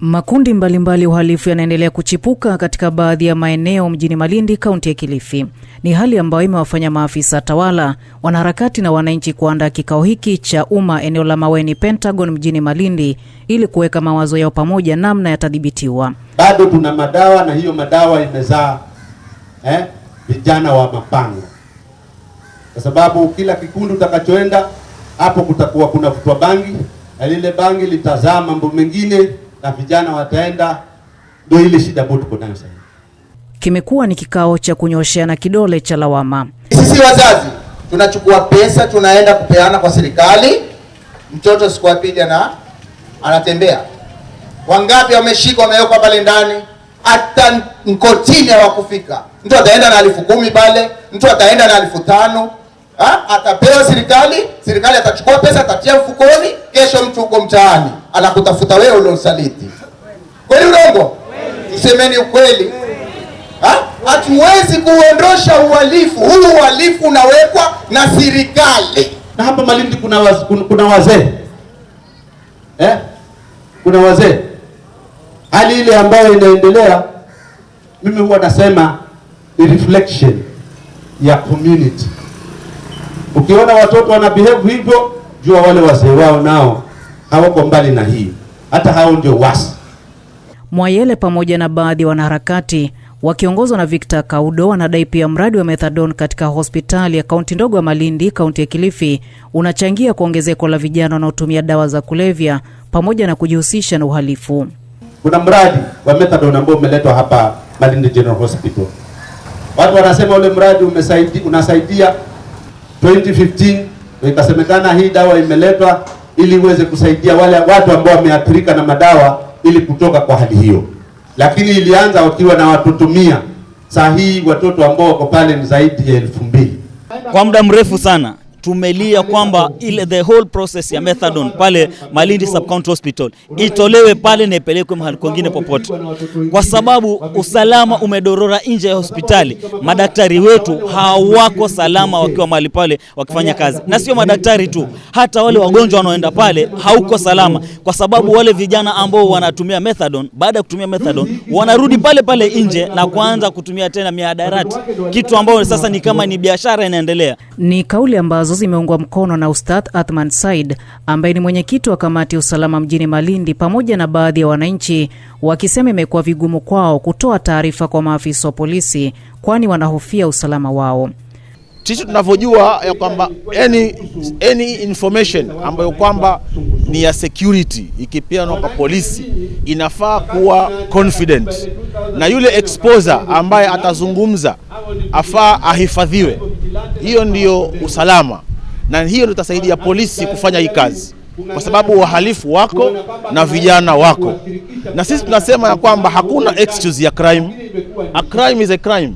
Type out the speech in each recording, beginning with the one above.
Makundi mbalimbali ya uhalifu yanaendelea kuchipuka katika baadhi ya maeneo mjini Malindi, kaunti ya Kilifi. Ni hali ambayo imewafanya maafisa tawala, wanaharakati na wananchi kuandaa kikao hiki cha umma eneo la Maweni, Pentagon, mjini Malindi ili kuweka mawazo yao pamoja namna yatadhibitiwa. Bado tuna madawa na hiyo madawa imezaa eh, vijana wa mapanga, kwa sababu kila kikundi utakachoenda hapo kutakuwa kuna vutwa bangi na lile bangi litazaa mambo mengine na vijana wataenda, ndio ile shida ambayo tuko nayo sasa. Kimekuwa ni kikao cha kunyosheana kidole cha lawama. Sisi wazazi tunachukua pesa tunaenda kupeana kwa serikali, mtoto siku ya pili na anatembea. Wangapi wameshikwa wamewekwa pale ndani, hata mkotini hawakufika. Mtu ataenda na elfu kumi pale, mtu ataenda na elfu tano Ha? Atapewa serikali, serikali atachukua pesa atatia mfukoni, kesho mtu uko mtaani anakutafuta wewe uliomsaliti. Kweli urongo? Tusemeni ukweli. Hatuwezi kuondosha uhalifu huu. Uhalifu unawekwa na serikali. Na hapa Malindi kuna wazee, kuna wazee eh? kuna wazee. Hali ile ambayo inaendelea, mimi huwa nasema ni reflection ya community. Ukiona watoto wana behave hivyo, jua wale wazee wao nao hawako mbali na hii, hata hao ndio wasi. Mwayele pamoja na baadhi ya wanaharakati wakiongozwa na Victor Kaudo wanadai pia mradi wa methadone katika hospitali ya kaunti ndogo ya Malindi, kaunti ya Kilifi, unachangia kwa ongezeko la vijana wanaotumia dawa za kulevya pamoja na kujihusisha na uhalifu. Kuna mradi wa methadone ambao umeletwa hapa Malindi General Hospital. Watu wanasema ule mradi umesaidia, unasaidia 2015 ikasemekana hii dawa imeletwa ili iweze kusaidia wale watu ambao wameathirika na madawa ili kutoka kwa hali hiyo, lakini ilianza wakiwa na watoto mia. Saa hii watoto ambao wako pale ni zaidi ya elfu mbili kwa muda mrefu sana tumelia kwamba ile the whole process ya methadone pale Malindi Sub County Hospital itolewe pale na ipelekwe mahali kwingine popote, kwa sababu usalama umedorora nje ya hospitali. Madaktari wetu hawako salama wakiwa mahali pale wakifanya kazi, na sio madaktari tu, hata wale wagonjwa wanaoenda pale hauko salama, kwa sababu wale vijana ambao wanatumia methadone, baada ya kutumia methadone wanarudi pale pale nje na kuanza kutumia tena mihadarati, kitu ambao sasa ni kama ni biashara inaendelea. Ni kauli ambazo ambazo zimeungwa mkono na Ustadh Athman Said ambaye ni mwenyekiti wa kamati ya usalama mjini Malindi, pamoja na baadhi ya wananchi wakisema imekuwa vigumu kwao kutoa taarifa kwa maafisa wa polisi, kwani wanahofia usalama wao. Sisi tunavyojua ya kwamba any, any information ambayo kwamba ni ya security ikipeanwa kwa polisi inafaa kuwa confident, na yule exposer ambaye atazungumza afaa ahifadhiwe. Hiyo ndiyo usalama, na hiyo ndio itasaidia polisi kufanya hii kazi, kwa sababu wahalifu wako na vijana wako, na sisi tunasema ya kwamba hakuna excuse ya crime. A crime is a crime.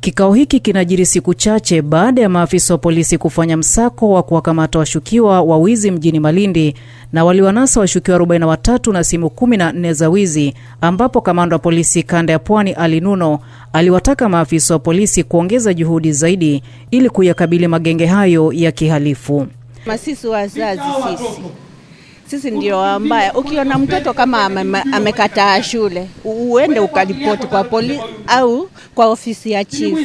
Kikao hiki kinajiri siku chache baada ya maafisa wa polisi kufanya msako wa kuwakamata washukiwa wa wizi mjini Malindi na waliwanasa washukiwa 43 na simu 14 za wizi, ambapo kamanda wa polisi kanda ya Pwani Ali Nuno aliwataka maafisa wa polisi kuongeza juhudi zaidi ili kuyakabili magenge hayo ya kihalifu. Masisi wazazi sisi sisi ndio wambaya. Ukiona mtoto kama amekataa shule, uende ukaripoti kwa polisi au kwa ofisi ya chief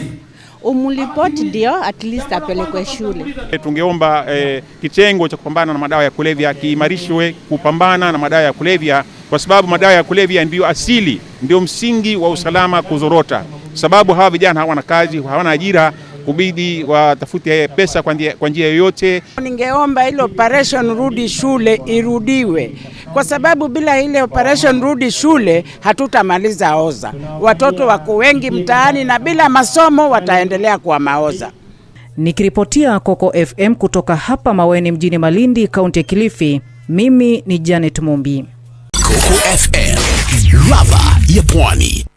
umulipoti ndio at least apelekwe shule. Eh, tungeomba e, kitengo cha kupambana na madawa ya kulevya kiimarishwe kupambana na madawa ya kulevya, kwa sababu madawa ya kulevya ndiyo asili, ndio msingi wa usalama kuzorota, sababu hawa vijana hawana kazi, hawana ajira kubidi watafute pesa kwa njia yoyote. Ningeomba ile operation rudi shule irudiwe, kwa sababu bila ile operation rudi shule hatutamaliza oza. Watoto wako wengi mtaani na bila masomo wataendelea kuwa maoza. Nikiripotia Coco FM kutoka hapa Maweni mjini Malindi, kaunti ya Kilifi, mimi ni Janet Mumbi, Coco FM, ladha ya Pwani.